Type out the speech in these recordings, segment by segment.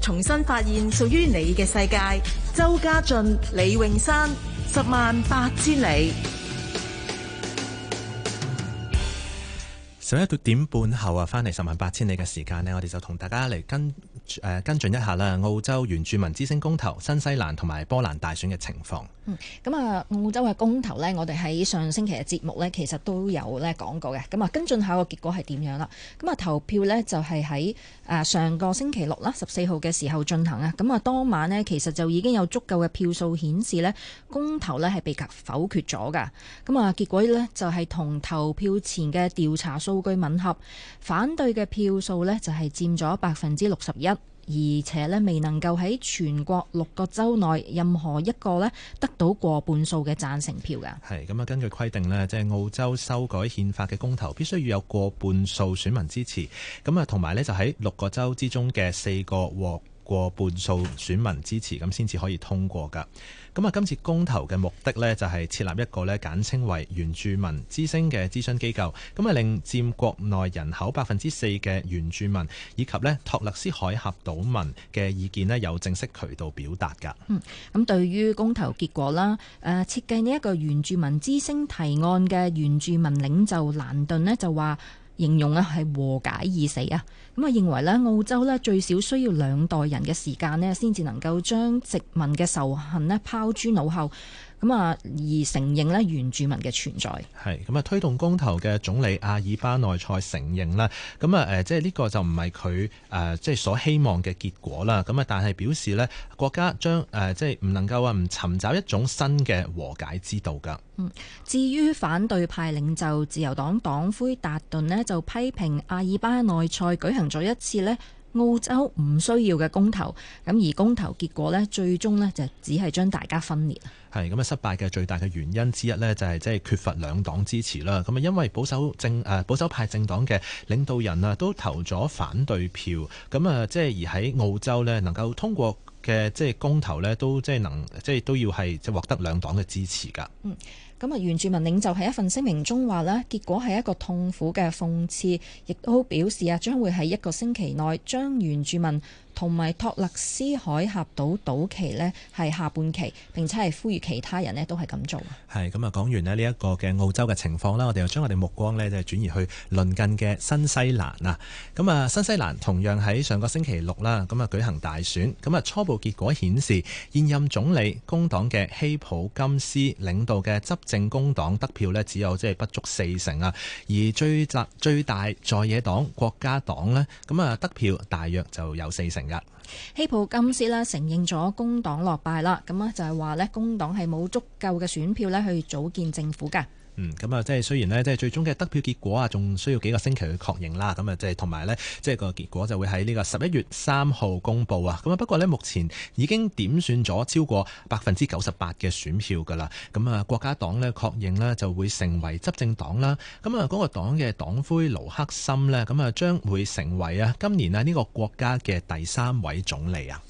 重新發現屬於你嘅世界。周家俊、李泳山，十萬八千里。十一點半後啊，翻嚟十萬八千里嘅時間呢，我哋就同大家嚟跟誒、呃、跟進一下啦。澳洲原住民之星公投、新西蘭同埋波蘭大選嘅情況。嗯，咁、嗯、啊，澳洲嘅公投呢，我哋喺上星期嘅節目呢，其實都有咧講過嘅。咁、嗯、啊，跟進下個結果係點樣啦？咁、嗯、啊，投票呢就係喺誒上個星期六啦，十四號嘅時候進行啊。咁、嗯、啊、嗯，當晚呢其實就已經有足夠嘅票數顯示呢，公投呢係被否決咗噶。咁、嗯、啊、嗯，結果呢就係、是、同投票前嘅調查數據吻合，反對嘅票數呢，就係佔咗百分之六十一，而且咧未能夠喺全國六個州內任何一個咧得到過半數嘅贊成票噶。係咁啊，根據規定咧，即係澳洲修改憲法嘅公投必須要有過半數選民支持，咁啊，同埋呢就喺六個州之中嘅四個獲過半數選民支持，咁先至可以通過噶。咁啊，今次公投嘅目的呢，就係設立一個呢簡稱為原住民之聲嘅諮詢機構，咁啊令佔國內人口百分之四嘅原住民以及呢托雷斯海峽島民嘅意見呢，有正式渠道表達㗎。嗯，咁對於公投結果啦，誒設計呢一個原住民之聲提案嘅原住民領袖蘭頓呢，就話。形容啊係和解已死啊！咁啊認為呢澳洲呢最少需要兩代人嘅時間呢，先至能夠將殖民嘅仇恨呢拋諸腦後。咁啊，而承認咧原住民嘅存在係咁啊，推動公投嘅總理阿爾巴內塞承認啦，咁啊誒，即係呢個就唔係佢誒，即係所希望嘅結果啦。咁啊，但係表示呢國家將誒即係唔能夠話唔尋找一種新嘅和解之道㗎。嗯，至於反對派領袖自由黨黨魁達頓呢，就批評阿爾巴內塞舉行咗一次呢。澳洲唔需要嘅公投，咁而公投結果呢，最終呢，就只係將大家分裂。係咁啊，失敗嘅最大嘅原因之一呢，就係即係缺乏兩黨支持啦。咁啊，因為保守政誒保守派政黨嘅領導人啊，都投咗反對票。咁啊，即係而喺澳洲呢，能夠通過嘅即係公投呢都即係能即係都要係即獲得兩黨嘅支持噶。嗯，咁啊，原住民領袖喺一份聲明中話呢，結果係一個痛苦嘅諷刺，亦都表示啊，將會喺一個星期內將原住民。同埋托勒斯海峽島島期呢，係下半期，並且係呼籲其他人呢都係咁做。係咁啊，講完呢一個嘅澳洲嘅情況啦，我哋又將我哋目光呢就轉移去鄰近嘅新西蘭啊。咁啊，新西蘭同樣喺上個星期六啦，咁啊舉行大選。咁啊，初步結果顯示現任總理工黨嘅希普金斯領導嘅執政工黨得票呢，只有即係不足四成啊，而最集最大在野黨國家黨呢，咁啊得票大約就有四成。希普金斯啦承認咗工黨落敗啦，咁啊就係話呢工黨係冇足夠嘅選票咧去組建政府噶。嗯，咁啊，即係雖然呢，即係最終嘅得票結果啊，仲需要幾個星期去確認啦。咁啊，即係同埋呢，即係個結果就會喺呢個十一月三號公布啊。咁啊，不過呢，目前已經點算咗超過百分之九十八嘅選票㗎喇。咁啊，國家黨呢，確認呢就會成為執政黨啦。咁啊，嗰個黨嘅黨魁盧克森呢，咁啊將會成為啊今年啊呢個國家嘅第三位總理啊。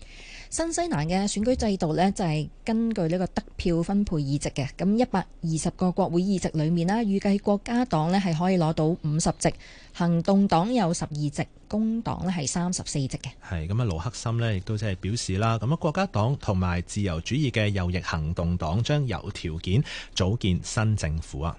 新西蘭嘅選舉制度呢，就係根據呢個得票分配議席嘅。咁一百二十個國會議席裏面啦，預計國家黨呢係可以攞到五十席，行動黨有十二席，工黨呢係三十四席嘅。係咁啊，盧克森呢亦都即係表示啦，咁啊國家黨同埋自由主義嘅右翼行動黨將有條件組建新政府啊。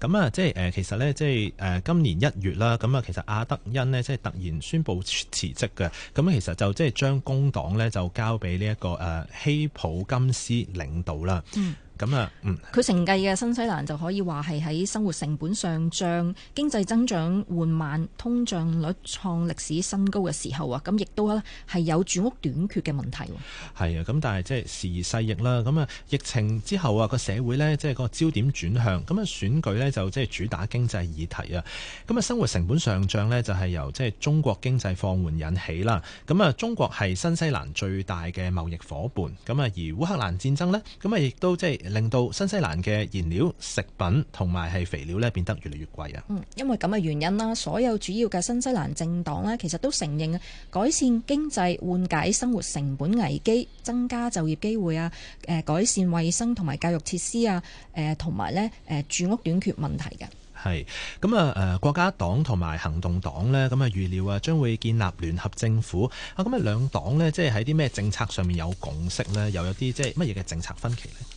咁啊，即係誒，其實咧，即係誒，今年一月啦，咁啊，其實阿德恩呢，即係突然宣布辭職嘅，咁其實就即係將工黨咧，就交俾呢一個誒希普金斯領導啦。嗯咁啊，嗯，佢承繼嘅新西蘭就可以話係喺生活成本上漲、經濟增長緩慢、通脹率創歷史新高嘅時候啊，咁亦都係有住屋短缺嘅問題。係啊，咁但係即係時移世易啦，咁啊疫情之後啊個社會呢，即係個焦點轉向，咁啊選舉呢，就即係主打經濟議題啊，咁啊生活成本上漲呢，就係由即係中國經濟放緩引起啦，咁啊中國係新西蘭最大嘅貿易伙伴，咁啊而烏克蘭戰爭呢，咁啊亦都即係，令到新西蘭嘅燃料、食品同埋係肥料咧變得越嚟越貴啊。嗯，因為咁嘅原因啦，所有主要嘅新西蘭政黨呢，其實都承認改善經濟、緩解生活成本危機、增加就業機會啊。誒，改善衞生同埋教育設施啊。誒，同埋咧誒，住屋短缺問題嘅係咁啊。誒，國家黨同埋行動黨呢，咁啊預料啊將會建立聯合政府啊。咁啊，兩黨呢，即係喺啲咩政策上面有共識呢？又有啲即係乜嘢嘅政策分歧呢？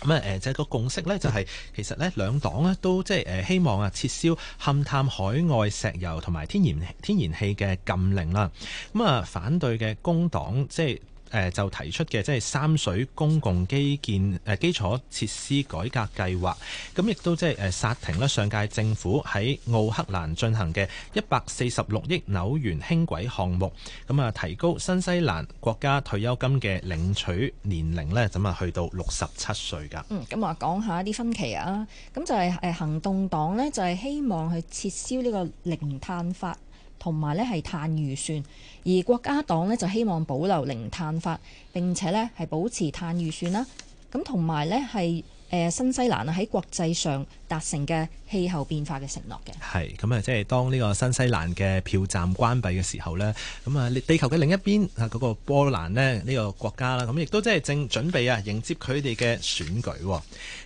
咁啊誒，就係個共識咧，就係其實咧兩黨咧都即係誒希望啊，撤銷勘探海外石油同埋天然天然氣嘅禁令啦。咁啊，反對嘅工黨即係。誒、呃、就提出嘅即係三水公共基建誒、呃、基礎設施改革計劃，咁亦都即係誒煞停咧上屆政府喺奧克蘭進行嘅一百四十六億紐元輕軌項目，咁啊提高新西蘭國家退休金嘅領取年齡呢，咁啊去到六十七歲噶。嗯，咁話講一下一啲分歧啊，咁就係誒行動黨呢，就係、是、希望去撤銷呢個零碳法。同埋咧係碳預算，而國家黨咧就希望保留零碳法，並且咧係保持碳預算啦。咁同埋咧係誒新西蘭喺國際上達成嘅氣候變化嘅承諾嘅，係咁啊！即係當呢個新西蘭嘅票站關閉嘅時候呢，咁啊，地球嘅另一邊啊，嗰個波蘭呢，呢個國家啦，咁亦都即係正準備啊，迎接佢哋嘅選舉。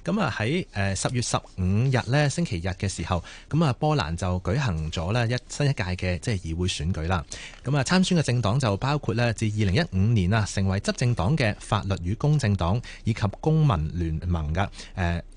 咁啊，喺誒十月十五日呢，星期日嘅時候，咁啊，波蘭就舉行咗呢一新一屆嘅即係議會選舉啦。咁啊，參選嘅政黨就包括呢，自二零一五年啊成為執政黨嘅法律與公正黨以及公民聯盟嘅誒。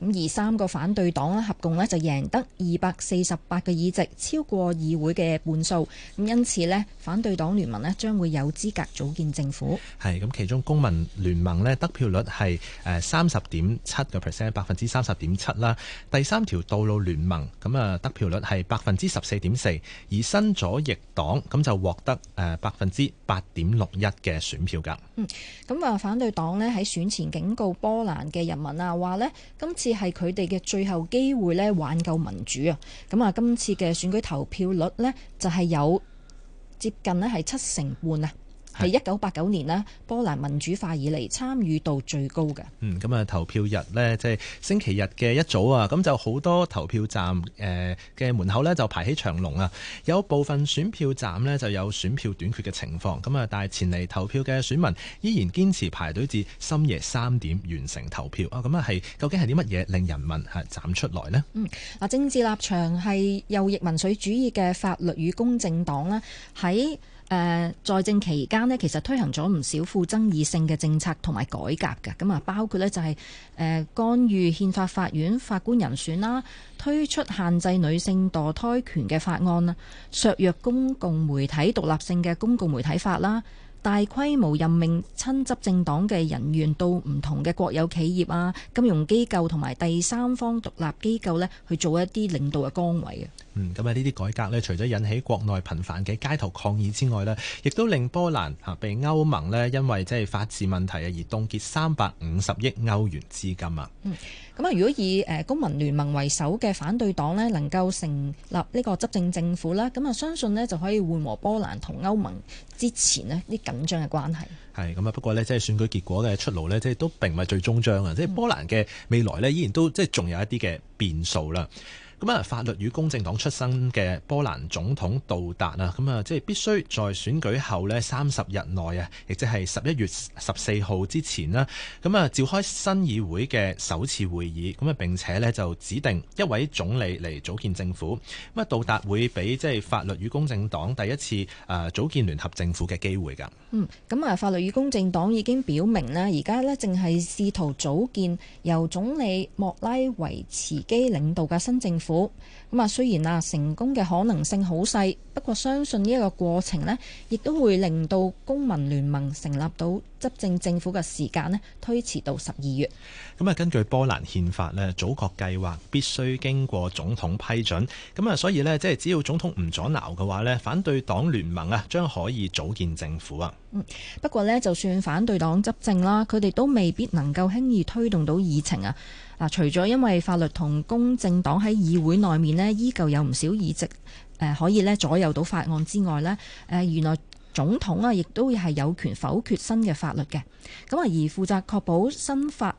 咁而三個反對黨咧合共咧就贏得二百四十八個議席，超過議會嘅半數。咁因此咧，反對黨聯盟咧將會有資格組建政府。係咁，其中公民聯盟咧得票率係誒三十點七個 percent，百分之三十點七啦。第三條道路聯盟咁啊得票率係百分之十四點四，而新左翼黨咁就獲得誒百分之八點六一嘅選票㗎。嗯，咁啊，反對黨咧喺選前警告波蘭嘅人民啊，話咧今次，係佢哋嘅最後機會呢，挽救民主啊！咁啊，今次嘅選舉投票率呢，就係有接近呢係七成半啊。係一九八九年呢，波蘭民主化以嚟參與度最高嘅。嗯，咁啊，投票日呢，即係星期日嘅一早啊，咁就好多投票站誒嘅門口呢，就排起長龍啊。有部分選票站呢，就有選票短缺嘅情況，咁啊，但係前嚟投票嘅選民依然堅持排隊至深夜三點完成投票啊。咁啊，係究竟係啲乜嘢令人民係站出來呢？嗯，嗱，政治立場係右翼民粹主義嘅法律與公正黨咧，喺誒、呃、在政期間呢，其實推行咗唔少富爭議性嘅政策同埋改革嘅，咁啊，包括呢，就係、是、誒、呃、干預憲法法院法官人選啦，推出限制女性墮胎權嘅法案啦，削弱公共媒體獨立性嘅公共媒體法啦，大規模任命親執政黨嘅人員到唔同嘅國有企業啊、金融機構同埋第三方獨立機構呢去做一啲領導嘅崗位嗯，咁啊，呢啲改革呢，除咗引起國內頻繁嘅街頭抗議之外呢，亦都令波蘭被歐盟呢，因為即係法治問題啊，而凍結三百五十億歐元資金啊。嗯，咁啊，如果以公民聯盟為首嘅反對黨呢能夠成立呢個執政政府啦，咁啊，相信呢就可以緩和波蘭同歐盟之前呢啲緊張嘅關係。係咁啊，不過呢即係選舉結果嘅出爐呢即都並唔係最終章啊！嗯、即係波蘭嘅未來呢依然都即係仲有一啲嘅變數啦。咁啊，法律與公正黨出身嘅波蘭總統杜達啊，咁啊，即係必須在選舉後咧三十日內啊，亦即係十一月十四號之前啦。咁啊，召開新議會嘅首次會議，咁啊，並且咧就指定一位總理嚟組建政府。咁啊，杜達會俾即係法律與公正黨第一次誒組建聯合政府嘅機會㗎。嗯，咁啊，法律與公正黨已經表明咧，而家咧淨係試圖組建由總理莫拉維茨基領導嘅新政府。府咁啊，雖然啊成功嘅可能性好細，不過相信呢一個過程呢，亦都會令到公民聯盟成立到執政政府嘅時間呢，推遲到十二月。咁啊，根據波蘭憲法呢，組閣計劃必須經過總統批准。咁啊，所以呢，即係只要總統唔阻撓嘅話呢，反對黨聯盟啊，將可以組建政府啊。不過呢，就算反對黨執政啦，佢哋都未必能夠輕易推動到議程啊。嗱，除咗因為法律同公正黨喺議會內面呢，依舊有唔少議席誒，可以咧左右到法案之外咧，誒原來總統啊，亦都係有權否決新嘅法律嘅。咁啊，而負責確保新法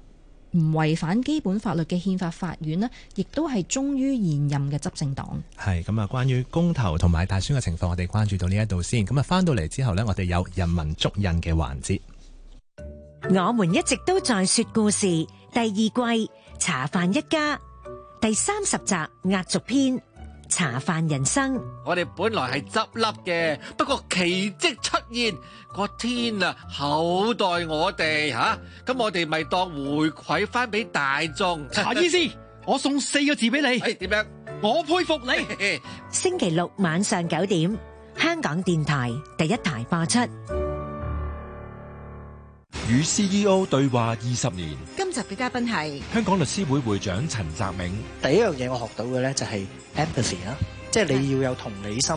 唔違反基本法律嘅憲法法院呢，亦都係忠於現任嘅執政黨。係咁啊，關於公投同埋大選嘅情況，我哋關注到呢一度先。咁啊，返到嚟之後呢，我哋有人文足印嘅環節。我們一直都在說故事第二季。茶飯一家第三十集壓軸篇，茶飯人生，我哋本來係執笠嘅，不過奇跡出現，個天啊，厚待我哋吓，咁我哋咪當回饋翻俾大眾。茶醫師，我送四個字俾你，點樣？我佩服你。星期六晚上九點，香港電台第一台播出。與 C E O 對話二十年。今集嘅嘉賓係香港律師會會長陳澤明。第一樣嘢我學到嘅咧，就係 empathy 啦，即係你要有同理心，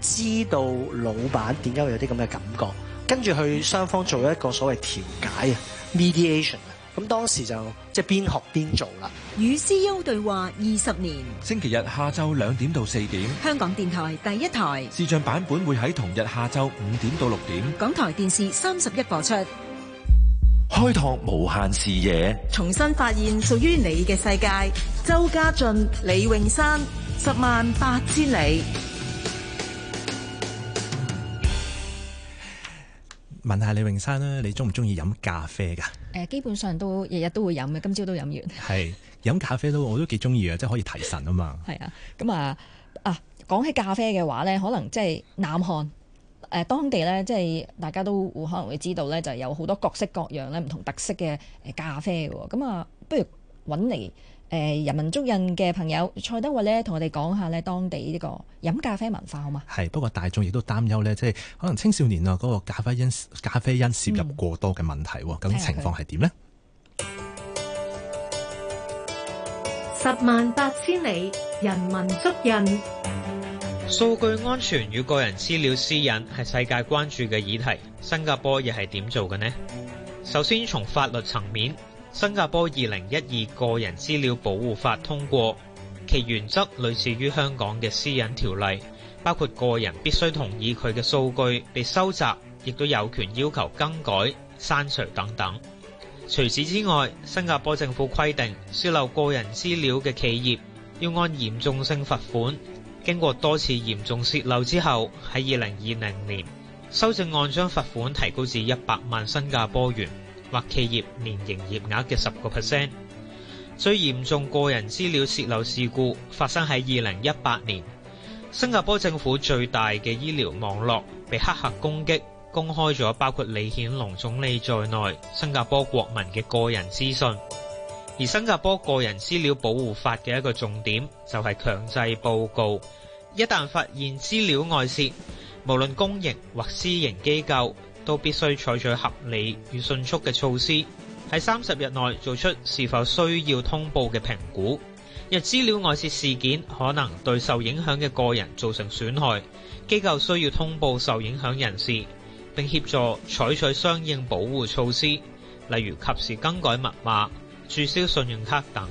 知道老板點解會有啲咁嘅感覺，跟住去雙方做一個所謂調解啊，mediation 啊，咁當時就即係邊學邊做啦。與 C E O 對話二十年。星期日下晝兩點到四點，香港電台第一台視像版本會喺同日下晝五點到六點，港台電視三十一播出。開拓無限視野，重新發現屬於你嘅世界。周家俊、李泳山，十萬八千里。問下李泳山啦，你中唔中意飲咖啡噶？誒，基本上都日日都會飲嘅，今朝都飲完。係飲咖啡都，我都幾中意啊，即係可以提神啊嘛。係 啊，咁啊啊，講、啊、起咖啡嘅話咧，可能即係南韓。誒、呃、當地咧，即係大家都會可能會知道咧，就係、有好多各式各樣咧唔同特色嘅誒咖啡嘅。咁啊，不如揾嚟誒人文足印嘅朋友蔡德偉呢，同我哋講下呢當地呢個飲咖啡文化好嗎？係，不過大眾亦都擔憂呢，即係可能青少年啊嗰個咖啡因咖啡因攝入過多嘅問題喎。嗯、究竟情況係點呢？嗯、十萬八千里人文足印。數據安全與個人資料私隱係世界關注嘅議題，新加坡又係點做嘅呢？首先從法律層面，新加坡2012個人資料保護法通過，其原則類似於香港嘅私隱條例，包括個人必須同意佢嘅數據被收集，亦都有權要求更改、刪除等等。除此之外，新加坡政府規定泄漏個人資料嘅企業要按嚴重性罰款。經過多次嚴重洩漏之後，喺二零二零年，修正案將罰款提高至一百萬新加坡元或企業年營業額嘅十個 percent。最嚴重個人資料洩漏事故發生喺二零一八年，新加坡政府最大嘅醫療網絡被黑客攻擊，公開咗包括李顯龍總理在內新加坡國民嘅個人資訊。而新加坡個人資料保護法嘅一個重點就係強制報告。一旦發現資料外洩，無論公營或私營機構都必須採取合理與迅速嘅措施，喺三十日內做出是否需要通報嘅評估。若資料外洩事件可能對受影響嘅個人造成損害，機構需要通報受影響人士，並協助採取相應保護措施，例如及時更改密碼。註銷信用卡等。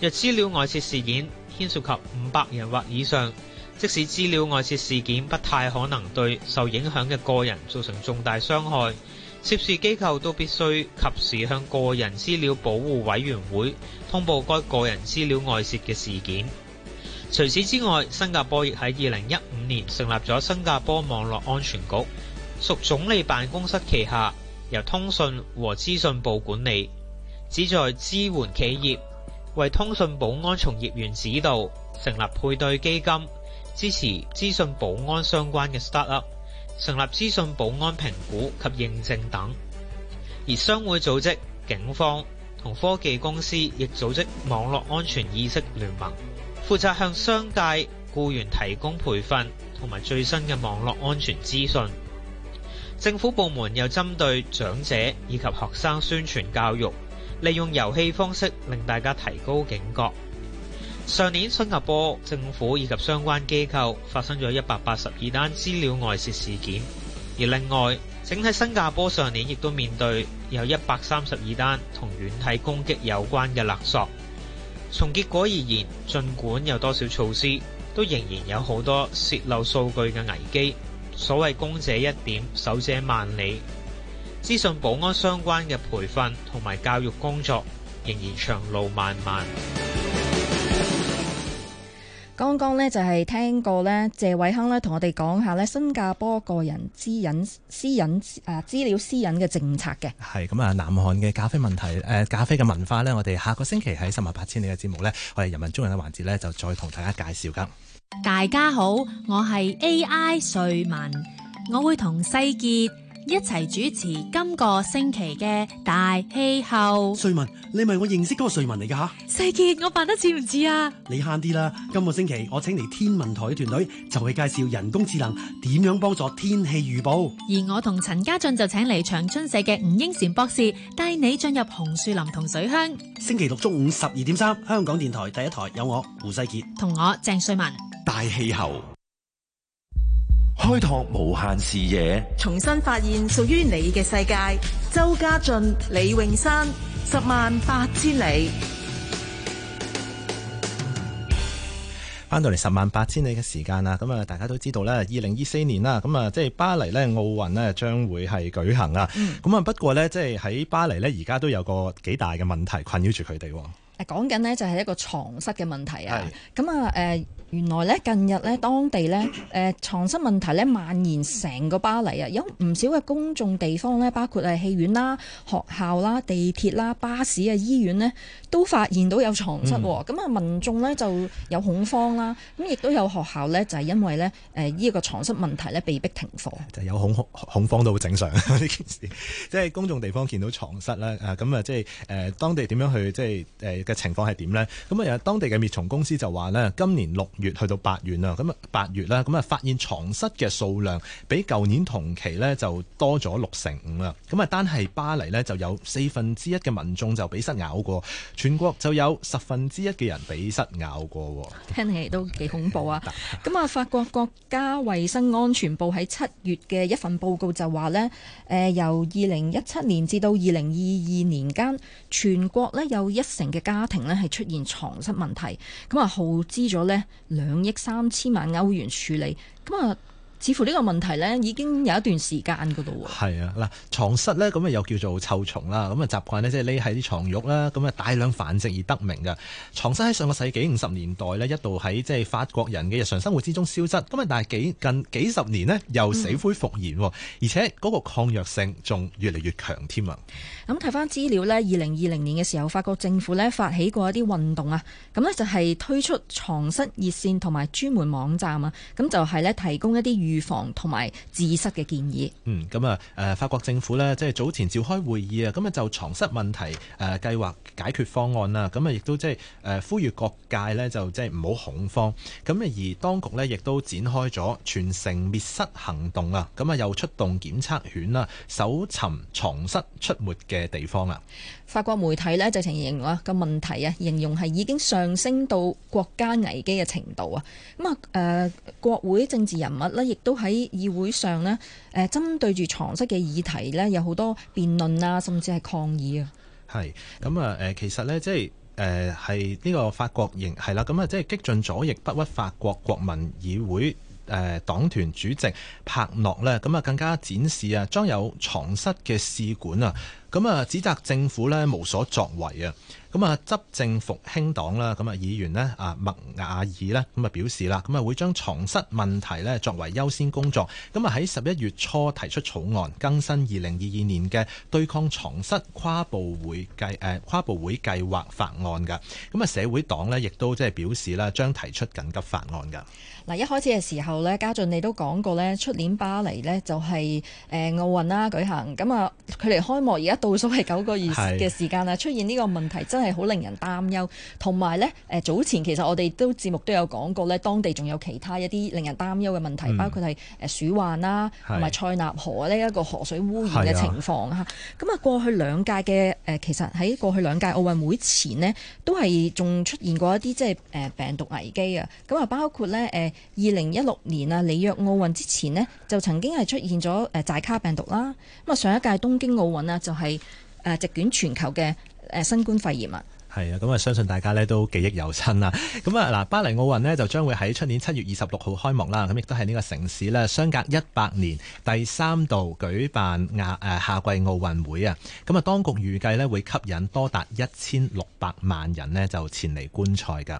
若資料外洩事件牽涉及五百人或以上，即使資料外洩事件不太可能對受影響嘅個人造成重大傷害，涉事機構都必須及時向個人資料保護委員會通報該個人資料外洩嘅事件。除此之外，新加坡亦喺二零一五年成立咗新加坡網絡安全局，屬總理辦公室旗下，由通訊和資訊部管理。旨在支援企業為通訊保安從業員指導，成立配對基金，支持資訊保安相關嘅 start up，成立資訊保安評估及認證等。而商會組織、警方同科技公司亦組織網絡安全意識聯盟，負責向商界雇員提供培訓同埋最新嘅網絡安全資訊。政府部門又針對長者以及學生宣傳教育。利用遊戲方式令大家提高警覺。上年新加坡政府以及相關機構發生咗一百八十二單資料外洩事件，而另外，整體新加坡上年亦都面對有一百三十二單同軟體攻擊有關嘅勒索。從結果而言，儘管有多少措施，都仍然有好多洩漏數據嘅危機。所謂「攻者一點，守者萬里」。資訊保安相關嘅培訓同埋教育工作仍然長路漫漫。剛剛呢，就係聽過咧謝偉鏗咧同我哋講下咧新加坡個人私隱私隱誒資料私隱嘅政策嘅。係咁啊，南韓嘅咖啡問題誒，咖啡嘅文化咧，我哋下個星期喺十萬八千里嘅節目咧，我哋人文足印嘅環節咧，就再同大家介紹噶。大家好，我係 AI 瑞文，我會同世傑。一齊主持今個星期嘅大氣候。瑞文，你係咪我認識嗰個瑞文嚟噶吓？世傑，我扮得似唔似啊？你慳啲啦！今個星期我請嚟天文台嘅團隊，就係介紹人工智能點樣幫助天氣預報。而我同陳家俊就請嚟長春社嘅吳英賢博士，帶你進入紅樹林同水鄉。星期六中午十二點三，香港電台第一台有我胡世傑同我鄭瑞文大氣候。開拓無限視野，重新發現屬於你嘅世界。周家俊、李泳山，十萬八千里。翻到嚟十萬八千里嘅時間啊，咁啊，大家都知道啦，二零二四年啦，咁啊，即係巴黎呢奧運呢，將會係舉行啊。咁啊、嗯，不過呢，即係喺巴黎呢，而家都有個幾大嘅問題困擾住佢哋。誒，講緊呢，就係一個床蝨嘅問題啊。咁啊是，誒。呃原來咧，近日咧，當地咧，誒床蝨問題咧蔓延成個巴黎啊！有唔少嘅公眾地方咧，包括係戲院啦、學校啦、地鐵啦、巴士啊、醫院呢都發現到有床蝨喎。咁啊、嗯，民眾咧就有恐慌啦。咁亦都有學校咧，就係因為咧，誒呢個床蝨問題咧，被逼停課。就係有恐恐慌都好正常呢件事，即係公眾地方見到床蝨啦咁啊，即係誒當地點樣去即係嘅情況係點咧？咁啊，當地嘅滅蟲公司就話咧，今年六月去到八月啦，咁啊八月啦，咁啊發現床蝨嘅數量比舊年同期呢就多咗六成五啦。咁啊單係巴黎呢就有四分之一嘅民眾就俾蝨咬過，全國就有十分之一嘅人俾蝨咬過，聽起嚟都幾恐怖啊！咁啊 法國國家衛生安全部喺七月嘅一份報告就話呢，誒、呃、由二零一七年至到二零二二年間，全國呢有一成嘅家庭呢係出現床蝨問題，咁啊耗資咗呢。兩億三千萬歐元處理，咁啊，似乎呢個問題咧已經有一段時間嘅咯喎。係啊，嗱，床蝨呢，咁啊又叫做臭蟲啦，咁啊習慣呢，即係匿喺啲牀褥啦，咁啊大量繁殖而得名嘅。床蝨喺上個世紀五十年代呢，一度喺即係法國人嘅日常生活之中消失，咁啊但係幾近幾十年呢，又死灰復燃，嗯、而且嗰個抗藥性仲越嚟越強添啊！咁睇翻資料呢，二零二零年嘅時候，法國政府呢發起過一啲運動啊，咁呢就係、是、推出床蝨熱線同埋專門網站啊，咁就係、是、呢提供一啲預防同埋治蝨嘅建議。嗯，咁、嗯、啊，誒法國政府呢，即係早前召開會議啊，咁啊就床蝨問題誒計劃解決方案啦，咁啊亦都即係誒呼籲各界呢，就即係唔好恐慌。咁啊而當局呢，亦都展開咗全城滅蝨行動啊，咁啊又出動檢測犬啦，搜尋床蝨出沒嘅。嘅地方啦，法國媒體呢就形容啊個問題啊，形容係已經上升到國家危機嘅程度啊。咁、嗯、啊，誒、呃、國會政治人物呢亦都喺議會上呢誒、呃、針對住床蝨嘅議題呢，有好多辯論啊，甚至係抗議啊。係咁啊，誒、嗯嗯、其實呢，即係誒係呢個法國仍係啦，咁啊，即係激進左翼不屈法國國民議會誒、呃、黨團主席帕諾呢，咁啊更加展示啊，裝有床蝨嘅試管啊。咁啊，指責政府咧，無所作為啊！咁啊，執政復興黨啦，咁啊，議員咧啊，麥雅爾咧，咁啊表示啦，咁啊會將床蝨問題咧作為優先工作，咁啊喺十一月初提出草案更新二零二二年嘅對抗床蝨跨部會計誒跨部會計劃法案噶，咁啊社會黨咧亦都即係表示啦，將提出緊急法案噶。嗱，一開始嘅時候咧，家俊你都講過咧，出年巴黎咧就係誒奧運啦舉行，咁啊距離開幕而家倒數係九個月嘅時間啦，是出現呢個問題。真係好令人擔憂，同埋咧誒，早前其實我哋都節目都有講過咧，當地仲有其他一啲令人擔憂嘅問題，嗯、包括係誒鼠患啦，同埋是塞納河呢一個河水污染嘅情況嚇。咁啊，過去兩屆嘅誒，其實喺過去兩屆奧運會前呢，都係仲出現過一啲即係誒病毒危機啊。咁啊，包括咧誒二零一六年啊，里約奧運之前呢，就曾經係出現咗誒寨卡病毒啦。咁啊，上一屆東京奧運啊，就係誒席捲全球嘅。誒新冠肺炎啊！係啊，咁啊相信大家咧都記憶猶新啦。咁啊，嗱，巴黎奧運咧就將會喺出年七月二十六號開幕啦。咁亦都係呢個城市咧相隔一百年第三度舉辦亞誒夏季奧運會啊。咁啊，當局預計咧會吸引多達一千六百萬人咧就前嚟觀賽㗎。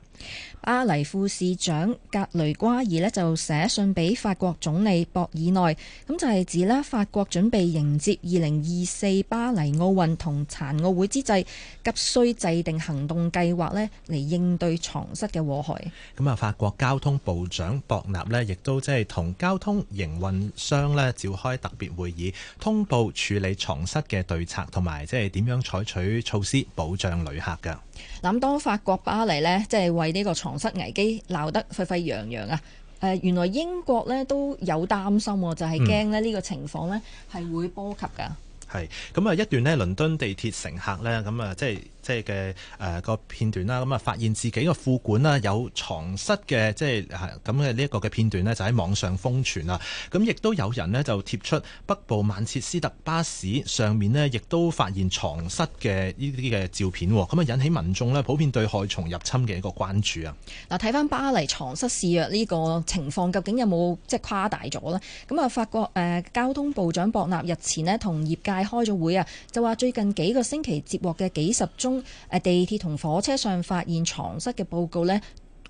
巴黎副市長格雷瓜爾咧就寫信俾法國總理博爾內，咁就係指咧法國準備迎接二零二四巴黎奧運同殘奧會之際，急需制定。行動計劃咧嚟應對床蝨嘅禍害。咁啊，法國交通部長博納咧，亦都即係同交通營運商咧召開特別會議，通報處理床蝨嘅對策，同埋即係點樣採取措施保障旅客㗎。咁，當法國巴黎咧，即係為呢個床蝨危機鬧得沸沸揚揚啊。誒，原來英國咧都有擔心，就係驚咧呢個情況咧係會波及㗎。係咁啊，一段呢，倫敦地鐵乘客呢。咁啊、就係，即係。即係嘅誒個片段啦，咁啊發現自己的副的的個副管啦有床蝨嘅即係咁嘅呢一個嘅片段咧，就喺網上瘋傳啊！咁亦都有人咧就貼出北部曼徹斯特巴士上面咧，亦都發現床蝨嘅呢啲嘅照片，咁啊引起民眾咧普遍對害蟲入侵嘅一個關注啊！嗱，睇翻巴黎床蝨肆虐呢個情況究竟有冇即係誇大咗咧？咁啊法國誒交通部長博納日前咧同業界開咗會啊，就話最近幾個星期接獲嘅幾十宗。誒地鐵同火車上發現床蝨嘅報告呢，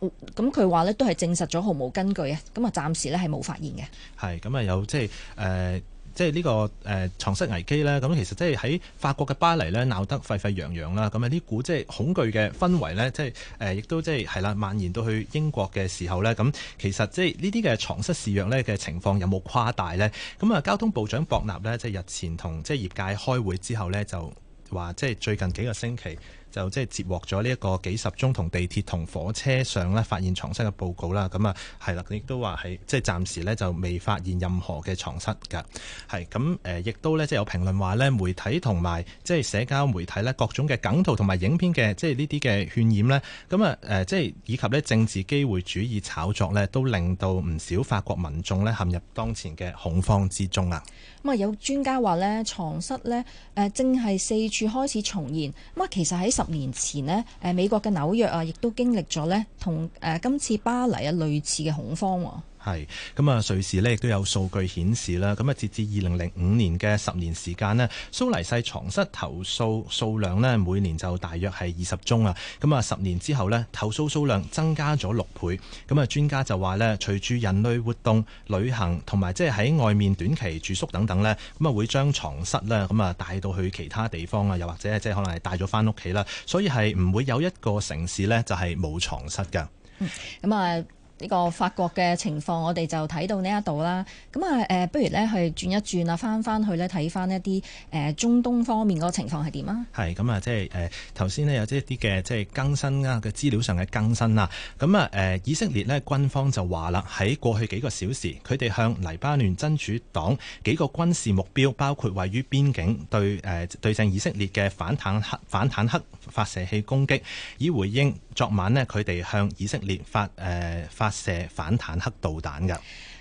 咁佢話呢都係證實咗毫無根據啊！咁啊，暫時呢係冇發現嘅。係咁啊，有即係誒，即係呢、這個誒、呃、床蝨危機咧。咁其實即係喺法國嘅巴黎呢鬧得沸沸揚揚啦。咁啊，呢股即係恐懼嘅氛圍呢，即係誒，亦都即係係啦，蔓延到去英國嘅時候呢。咁其實即係呢啲嘅床蝨肆虐呢嘅情況有冇誇大呢？咁啊，交通部長博納呢，即係日前同即係業界開會之後呢就。話即係最近幾個星期。就即係接獲咗呢一個幾十宗同地鐵同火車上呢發現床蝨嘅報告啦，咁啊係啦，亦都話係即係暫時呢就未發現任何嘅床蝨㗎。係咁誒，亦都呢，即係有評論話呢媒體同埋即係社交媒體呢各種嘅梗圖同埋影片嘅即係呢啲嘅渲染呢。咁啊誒即係以及呢政治機會主義炒作呢，都令到唔少法國民眾呢陷入當前嘅恐慌之中啦。咁啊有專家話呢，床蝨呢，誒正係四處開始重現。咁啊其實喺十年前呢，誒美國嘅紐約啊，亦都經歷咗呢同誒今次巴黎啊類似嘅恐慌喎。係咁啊！瑞士咧亦都有數據顯示啦，咁啊，截至二零零五年嘅十年時間咧，蘇黎世床蝨投訴數量咧每年就大約係二十宗啊！咁啊，十年之後咧，投訴數量增加咗六倍。咁啊，專家就話咧，隨住人類活動、旅行同埋即係喺外面短期住宿等等咧，咁啊，會將床蝨咧咁啊帶到去其他地方啊，又或者即係可能係帶咗返屋企啦。所以係唔會有一個城市咧就係冇床蝨㗎。咁啊、嗯、～呢個法國嘅情況，我哋就睇到呢一度啦。咁啊，誒，不如呢去轉一轉啊，翻翻去呢睇翻一啲誒中東方面個情況係點啊？係咁啊，即係誒頭先呢有啲一啲嘅即係更新啊嘅資料上嘅更新啦。咁啊誒，以色列呢軍方就話啦，喺過去幾個小時，佢哋向黎巴嫩真主黨幾個軍事目標，包括位於邊境對誒對正以色列嘅反坦克反坦克發射器攻擊，以回應昨晚呢，佢哋向以色列發誒發。呃發射反坦克導彈噶。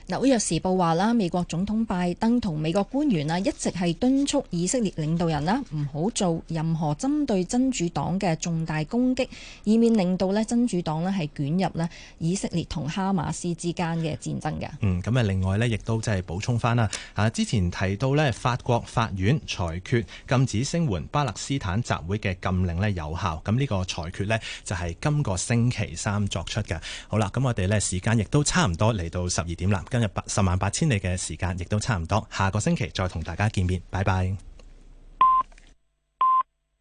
嗱，紐約時報話啦，美國總統拜登同美國官員啊，一直係敦促以色列領導人啦，唔好做任何針對真主黨嘅重大攻擊，以免令到呢真主黨呢係捲入呢以色列同哈馬斯之間嘅戰爭嘅。嗯，咁啊，另外呢，亦都即係補充返啦，啊之前提到呢，法國法院裁決禁止聲援巴勒斯坦集會嘅禁令呢有效，咁呢個裁決呢，就係今個星期三作出嘅。好啦，咁我哋呢時間亦都差唔多嚟到十二點啦。今日十萬八千里嘅時間，亦都差唔多。下個星期再同大家見面，拜拜。